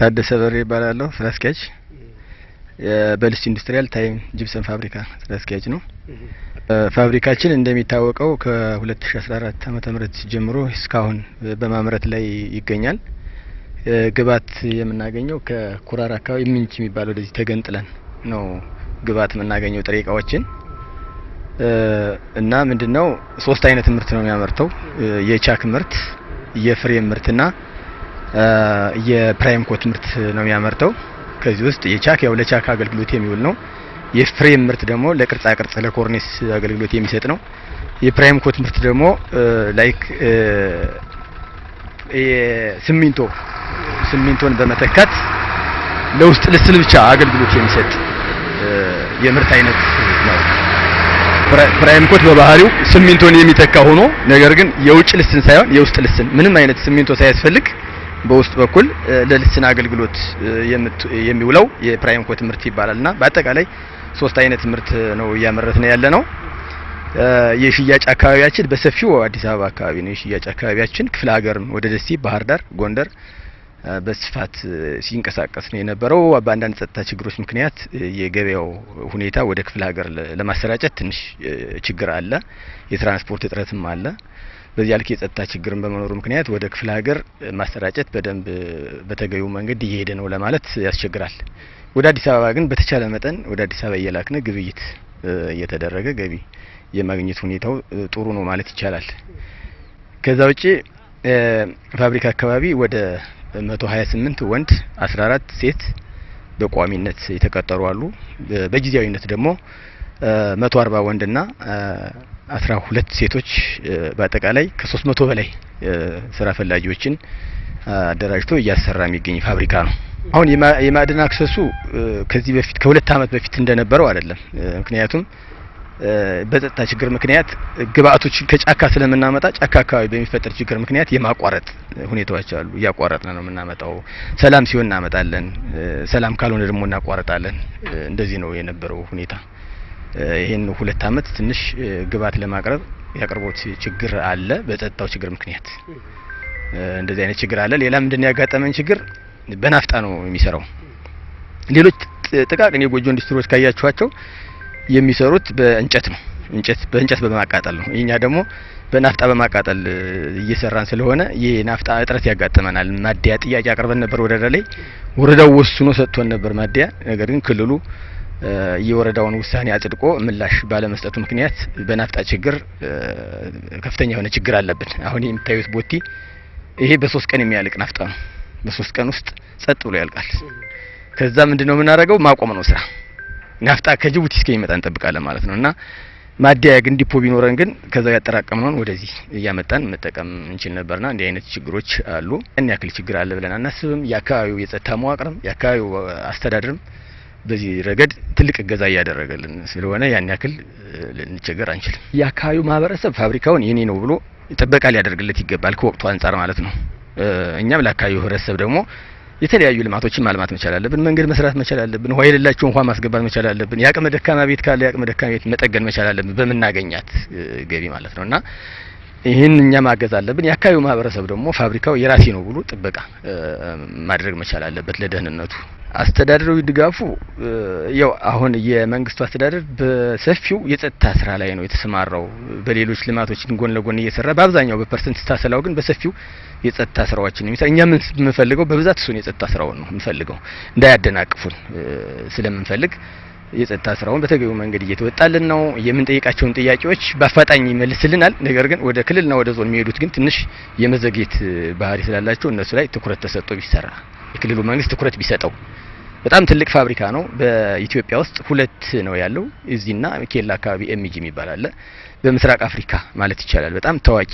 ታደሰ በሬ ይባላለሁ። ስራ አስኪያጅ የበልስ ኢንዱስትሪያል ታይም ጅብሰን ፋብሪካ ስራ አስኪያጅ ነው። ፋብሪካችን እንደሚታወቀው ከ2014 ዓመተ ምህረት ጀምሮ እስካሁን በማምረት ላይ ይገኛል። ግብዓት የምናገኘው ከኩራር አካባቢ ምንጭ የሚባል ወደዚህ ተገንጥለን ነው ግባት የምናገኘው ጥሬ እቃዎችን እና ምንድነው ሶስት አይነት ምርት ነው የሚያመርተው የቻክ ምርት የፍሬ ምርትና የፕራይም ኮት ምርት ነው የሚያመርተው። ከዚህ ውስጥ የቻክ ያው ለቻክ አገልግሎት የሚውል ነው። የፍሬም ምርት ደግሞ ለቅርጻ ቅርጽ ለኮርኒስ አገልግሎት የሚሰጥ ነው። የፕራይም ኮት ምርት ደግሞ ላይክ ሲሚንቶ ሲሚንቶን በመተካት ለውስጥ ልስል ብቻ አገልግሎት የሚሰጥ የምርት አይነት ነው። ፕራይም ኮት በባህሪው ሲሚንቶን የሚተካ ሆኖ ነገር ግን የውጭ ልስን ሳይሆን የውስጥ ልስን ምንም አይነት ሲሚንቶ ሳያስፈልግ በውስጥ በኩል ለልስና አገልግሎት የሚውለው የፕራይም ኮ ትምህርት ይባላል እና በአጠቃላይ ሶስት አይነት ትምህርት ነው ነው ያለ ነው። የሽያጭ አካባቢያችን በሰፊው አዲስ አበባ አካባቢ ነው። የሽያጭ አካባቢያችን ክፍለ ሀገር ወደ ደሴ፣ ባህር ዳር፣ ጎንደር በስፋት ሲንቀሳቀስ ነው የነበረው። በአንዳንድ ጸጥታ ችግሮች ምክንያት የገበያው ሁኔታ ወደ ክፍለ ሀገር ለማሰራጨት ትንሽ ችግር አለ። የትራንስፖርት እጥረትም አለ። በዚያ ልክ የጸጥታ ችግርን በመኖሩ ምክንያት ወደ ክፍለ ሀገር ማሰራጨት በደንብ በተገቢው መንገድ እየሄደ ነው ለማለት ያስቸግራል። ወደ አዲስ አበባ ግን በተቻለ መጠን ወደ አዲስ አበባ እየላክነ ግብይት እየተደረገ ገቢ የማግኘት ሁኔታው ጥሩ ነው ማለት ይቻላል። ከዛ ውጪ ፋብሪካ አካባቢ ወደ 128 ወንድ 14 ሴት በቋሚነት የተቀጠሩ አሉ። በጊዜያዊነት ደግሞ መቶ አርባ ወንድና አስራ ሁለት ሴቶች በአጠቃላይ ከሶስት መቶ በላይ ስራ ፈላጊዎችን አደራጅቶ እያሰራ የሚገኝ ፋብሪካ ነው። አሁን የማዕድን አክሰሱ ከዚህ በፊት ከሁለት አመት በፊት እንደነበረው አይደለም። ምክንያቱም በጸጥታ ችግር ምክንያት ግብአቶችን ከጫካ ስለምናመጣ ጫካ አካባቢ በሚፈጠር ችግር ምክንያት የማቋረጥ ሁኔታዎች አሉ። እያቋረጥን ነው የምናመጣው። ሰላም ሲሆን እናመጣለን፣ ሰላም ካልሆነ ደግሞ እናቋረጣለን። እንደዚህ ነው የነበረው ሁኔታ። ይህን ሁለት አመት ትንሽ ግብዓት ለማቅረብ የአቅርቦት ችግር አለ። በጸጥታው ችግር ምክንያት እንደዚህ አይነት ችግር አለ። ሌላ ምንድነው ያጋጠመን ችግር? በናፍጣ ነው የሚሰራው። ሌሎች ጥቃቅን የጎጆ ኢንዱስትሪዎች ካያችኋቸው የሚሰሩት በእንጨት ነው። እንጨት በእንጨት በማቃጠል ነው። እኛ ደግሞ በናፍጣ በማቃጠል እየሰራን ስለሆነ የናፍጣ እጥረት ያጋጥመናል። ማደያ ጥያቄ አቅርበን ነበር ወረዳ ላይ፣ ወረዳው ወስኖ ሰጥቶን ነበር ማደያ። ነገር ግን ክልሉ የወረዳውን ውሳኔ አጽድቆ ምላሽ ባለመስጠቱ ምክንያት በናፍጣ ችግር ከፍተኛ የሆነ ችግር አለብን። አሁን የምታዩት ቦቲ ይሄ በሶስት ቀን የሚያልቅ ናፍጣ ነው። በሶስት ቀን ውስጥ ጸጥ ብሎ ያልቃል። ከዛ ምንድነው የምናደርገው? ማቆም ነው ስራ። ናፍጣ ከጅቡቲ እስከሚመጣ እንጠብቃለን ማለት ነው እና ማደያ ግን ዲፖ ቢኖረን ግን ከዛው ያጠራቀምነውን ወደዚህ እያመጣን መጠቀም እንችል ነበርና እንዲህ አይነት ችግሮች አሉ። እን ያክል ችግር አለ ብለን አናስብም። የአካባቢው የጸጥታ መዋቅርም የአካባቢው አስተዳደርም በዚህ ረገድ ትልቅ እገዛ እያደረገልን ስለሆነ ያን ያክል ልንቸገር አንችልም። የአካባቢው ማህበረሰብ ፋብሪካውን የኔ ነው ብሎ ጥበቃ ሊያደርግለት ይገባል፣ ከወቅቱ አንጻር ማለት ነው። እኛም ለአካባቢው ህብረተሰብ ደግሞ የተለያዩ ልማቶችን ማልማት መቻል አለብን። መንገድ መስራት መቻል አለብን። ውሃ የሌላቸው ውሃ ማስገባት መቻል አለብን። የአቅመ ደካማ ቤት ካለ የአቅመ ደካማ ቤት መጠገን መቻል አለብን፣ በምናገኛት ገቢ ማለት ነው እና ይህን እኛ ማገዝ አለብን። የአካባቢው ማህበረሰብ ደግሞ ፋብሪካው የራሴ ነው ብሎ ጥበቃ ማድረግ መቻል አለበት ለደህንነቱ አስተዳደራዊ ድጋፉ ያው አሁን የመንግስቱ አስተዳደር በሰፊው የጸጥታ ስራ ላይ ነው የተሰማራው። በሌሎች ልማቶች ግን ጎን ለጎን እየሰራ በአብዛኛው በፐርሰንት ስታሰላው ግን በሰፊው የጸጥታ ስራዎችን የሚሰራ እኛ ምን የምንፈልገው በብዛት እሱን የጸጥታ ስራውን ነው የምንፈልገው፣ እንዳያደናቅፉን ስለምንፈልግ የጸጥታ ስራውን በተገቢው መንገድ እየተወጣልን ነው። የምንጠይቃቸውን ጥያቄዎች በአፋጣኝ ይመልስልናል። ነገር ግን ወደ ክልልና ወደ ዞን የሚሄዱት ግን ትንሽ የመዘግየት ባህሪ ስላላቸው እነሱ ላይ ትኩረት ተሰጥቶ ቢሰራ የክልሉ መንግስት ትኩረት ቢሰጠው። በጣም ትልቅ ፋብሪካ ነው። በኢትዮጵያ ውስጥ ሁለት ነው ያለው፣ እዚህና ኬላ አካባቢ ኤምጂ የሚባል አለ። በምስራቅ አፍሪካ ማለት ይቻላል በጣም ታዋቂ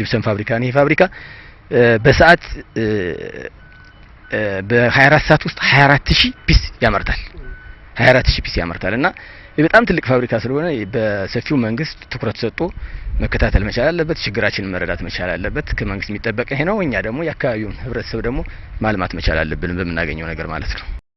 ጅብሰን ፋብሪካ ነው። ይህ ፋብሪካ በሰዓት በ24 ሰዓት ውስጥ 24000 ፒስ ያመርታል። 24 ሺህ ፒስ ያመርታል እና በጣም ትልቅ ፋብሪካ ስለሆነ በሰፊው መንግስት ትኩረት ሰጥቶ መከታተል መቻል አለበት። ችግራችን መረዳት መቻል አለበት። ከመንግስት የሚጠበቅ ይሄ ነው። እኛ ደግሞ የአካባቢውን ህብረተሰብ ደግሞ ማልማት መቻል አለብን በምናገኘው ነገር ማለት ነው።